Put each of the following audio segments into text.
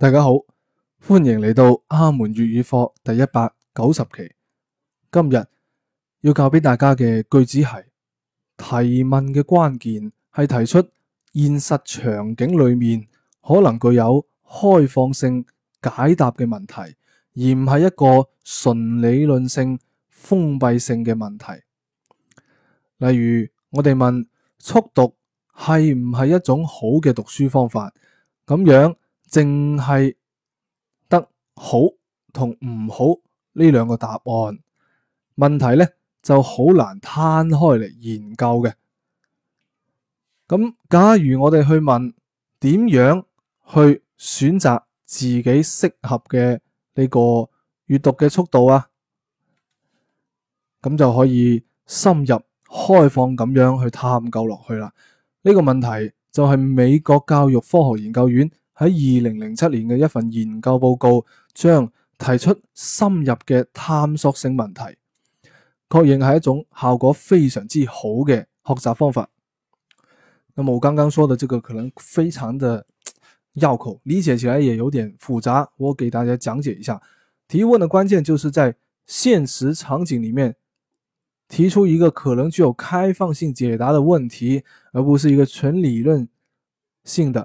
大家好，歡迎嚟到阿門粵語課第一百九十期。今日要教俾大家嘅句子係提問嘅關鍵，係提出現實場景裏面可能具有開放性解答嘅問題，而唔係一個純理論性、封閉性嘅問題。例如，我哋問速讀係唔係一種好嘅讀書方法？咁樣。淨係得好同唔好呢兩個答案，問題呢，就好難攤開嚟研究嘅。咁假如我哋去問點樣去選擇自己適合嘅呢個閱讀嘅速度啊，咁就可以深入開放咁樣去探究落去啦。呢個問題就係美國教育科學研究院。喺二零零七年嘅一份研究報告，將提出深入嘅探索性問題，確認係一種效果非常之好嘅學習方法。那麼我剛剛說的這個可能非常的繞口，理解起來也有點複雜。我給大家講解一下，提問的關鍵就是在現實場景裏面提出一個可能具有開放性解答的問題，而不是一個純理論性嘅。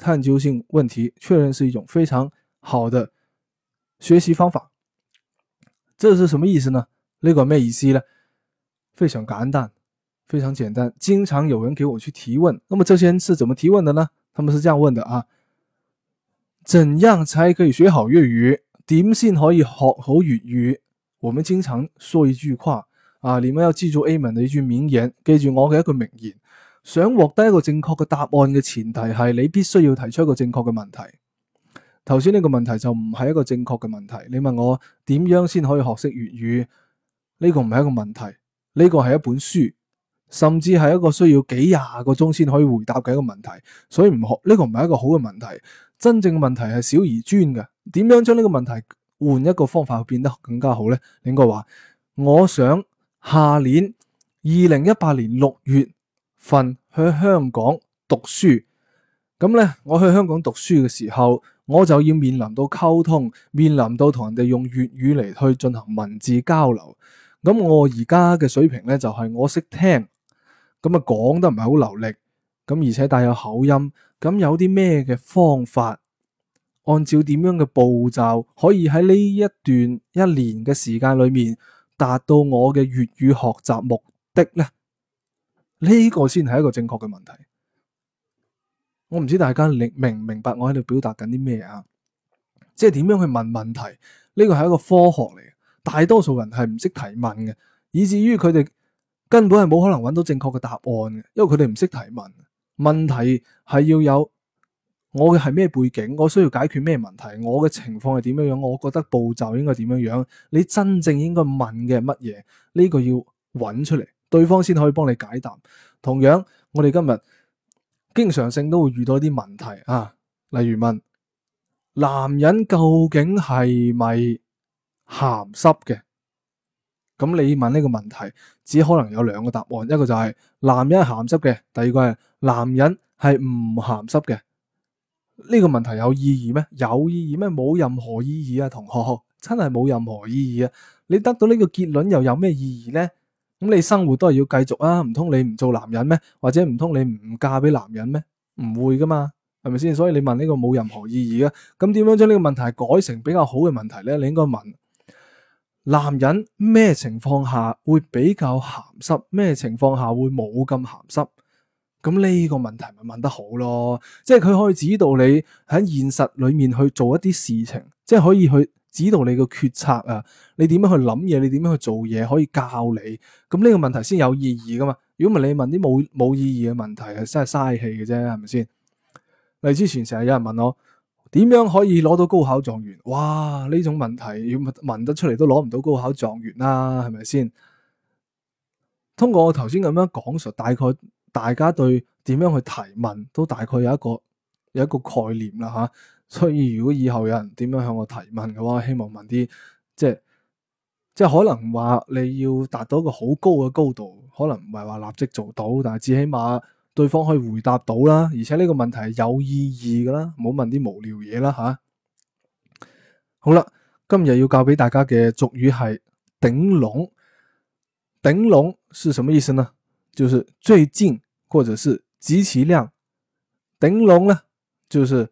探究性問題確認是一種非常好的學習方法。這是什麼意思呢？呢個咩意思呢，非常簡單，非常簡單。經常有人給我去提問，那麼這些人是怎麼提問的呢？他們是這樣問的啊：怎樣才可以學好粵語？點先可以學好粵語？我們經常說一句話啊，你們要記住阿門的一句名言，根據我嘅一個名言。想獲得一個正確嘅答案嘅前提係，你必須要提出一個正確嘅問題。頭先呢個問題就唔係一個正確嘅問題。你問我點樣先可以學識粵語？呢個唔係一個問題，呢個係一本書，甚至係一個需要幾廿個鐘先可以回答嘅一個問題。所以唔學呢個唔係一個好嘅問題。真正嘅問題係小而專嘅。點樣將呢個問題換一個方法，變得更加好呢？你應該話我想下年二零一八年六月。份去香港讀書，咁咧我去香港讀書嘅時候，我就要面臨到溝通，面臨到同人哋用粵語嚟去進行文字交流。咁我而家嘅水平咧就係我識聽，咁啊講得唔係好流利，咁而且帶有口音。咁有啲咩嘅方法，按照點樣嘅步驟，可以喺呢一段一年嘅時間裏面，達到我嘅粵語學習目的呢？呢個先係一個正確嘅問題，我唔知大家明唔明白我喺度表達緊啲咩啊？即係點樣去問問題？呢個係一個科學嚟嘅，大多數人係唔識提問嘅，以至於佢哋根本係冇可能揾到正確嘅答案嘅，因為佢哋唔識提問。問題係要有我嘅係咩背景？我需要解決咩問題？我嘅情況係點樣樣？我覺得步驟應該點樣樣？你真正應該問嘅係乜嘢？呢個要揾出嚟。對方先可以幫你解答。同樣，我哋今日經常性都會遇到一啲問題啊，例如問男人究竟係咪鹹濕嘅？咁你問呢個問題，只可能有兩個答案，一個就係男人鹹濕嘅，第二個係男人係唔鹹濕嘅。呢個問題有意義咩？有意義咩？冇任何意義啊，同學，真係冇任何意義啊！你得到呢個結論又有咩意義呢？咁你生活都係要繼續啊，唔通你唔做男人咩？或者唔通你唔嫁俾男人咩？唔會噶嘛，係咪先？所以你問呢個冇任何意義噶。咁點樣將呢個問題改成比較好嘅問題咧？你應該問男人咩情況下會比較鹹濕？咩情況下會冇咁鹹濕？咁呢個問題咪問得好咯，即係佢可以指導你喺現實裏面去做一啲事情，即係可以去。指導你個決策啊，你點樣去諗嘢，你點樣去做嘢，可以教你。咁呢個問題先有意義㗎嘛？如果唔係你問啲冇冇意義嘅問題，係真係嘥氣嘅啫，係咪先？例如之前成日有人問我點樣可以攞到高考狀元，哇！呢種問題要問得出嚟都攞唔到高考狀元啦，係咪先？通過我頭先咁樣講述，大概大家對點樣去提問都大概有一個有一個概念啦，嚇。所以如果以後有人點樣向我提問嘅話，希望問啲即係即係可能話你要達到一個好高嘅高度，可能唔係話立即做到，但係至起碼對方可以回答到啦。而且呢個問題係有意義㗎啦，冇問啲無聊嘢啦吓，好啦，今日要教俾大家嘅俗語係頂櫳。頂櫳係什麼意思呢？就是最盡，或者是極其量。頂櫳呢，就是，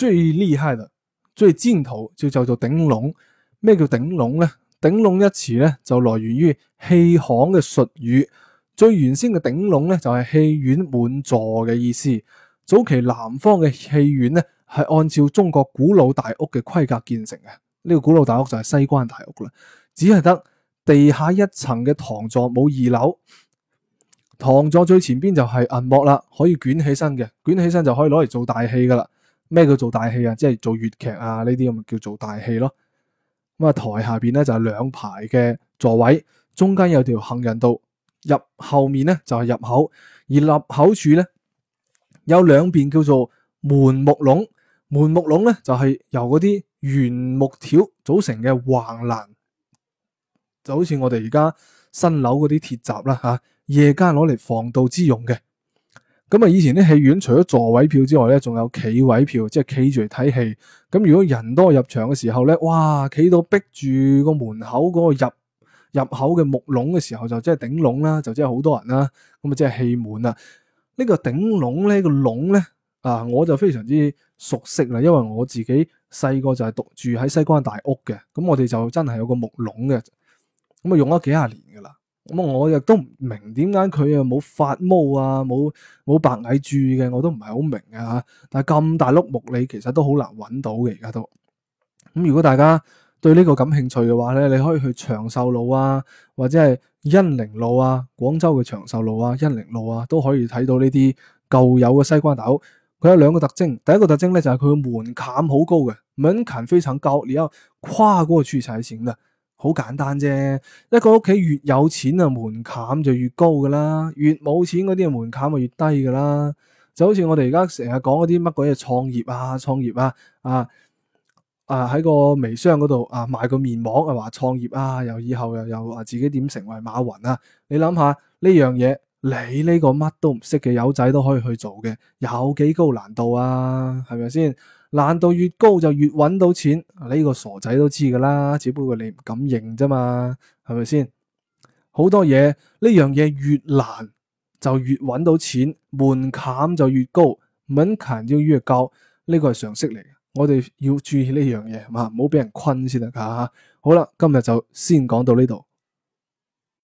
最厲害嘅最尖頭就叫做頂櫳。咩叫頂櫳咧？頂櫳一詞咧就來源於戲行嘅術語。最原先嘅頂櫳咧就係戲院滿座嘅意思。早期南方嘅戲院咧係按照中國古老大屋嘅規格建成嘅。呢個古老大屋就係西關大屋啦，只係得地下一層嘅堂座，冇二樓。堂座最前邊就係銀幕啦，可以捲起身嘅，捲起身就可以攞嚟做大戲噶啦。咩叫做大戲啊？即係做粵劇啊，呢啲咁咪叫做大戲咯。咁啊，台下邊咧就係兩排嘅座位，中間有條行人道，入後面咧就係入口，而立口處咧有兩邊叫做門木籠。門木籠咧就係由嗰啲圓木條組成嘅橫欄，就好似我哋而家新樓嗰啲鐵閘啦吓，夜間攞嚟防盜之用嘅。咁啊，以前啲戲院除咗座位票之外咧，仲有企位票，即係企住嚟睇戲。咁如果人多入場嘅時候咧，哇，企到逼住個門口嗰個入入口嘅木籠嘅時候，就即係頂籠啦，就即係好多人啦。咁啊，即係戲滿啦。呢個頂籠呢，個籠咧啊，我就非常之熟悉啦，因為我自己細個就係獨住喺西關大屋嘅，咁我哋就真係有個木籠嘅，咁啊用咗幾廿年噶啦。咁啊，我亦都唔明點解佢啊冇發毛啊，冇冇白蟻蛀嘅，我都唔係好明啊吓。但係咁大碌木你其實都好難揾到嘅，而家都咁。如果大家對呢個感興趣嘅話咧，你可以去長壽路啊，或者係恩寧路啊，廣州嘅長壽路啊、恩寧路啊，都可以睇到呢啲舊有嘅西關大屋。佢有兩個特徵，第一個特徵咧就係佢嘅門檻好高嘅，門檻非常高，你要跨過去才行嘅。那個好簡單啫，一個屋企越有錢啊門檻就越高㗎啦，越冇錢嗰啲啊門檻就越低㗎啦。就好似我哋而家成日講嗰啲乜鬼嘢創業啊創業啊啊啊喺個微商嗰度啊賣個面膜啊話創業啊，又以後又又話自己點成為馬雲啊？你諗下呢樣嘢，你呢個乜都唔識嘅友仔都可以去做嘅，有幾高難度啊？係咪先？難度越高就越搵到錢，你呢個傻仔都知噶啦，只不過你唔敢認咋嘛，係咪先？好多嘢呢樣嘢越難就越搵到錢，門檻就越高，門檻要越高，呢個係常識嚟嘅，我哋要注意呢樣嘢，係嘛，唔好俾人困先得㗎吓。好啦，今日就先講到呢度。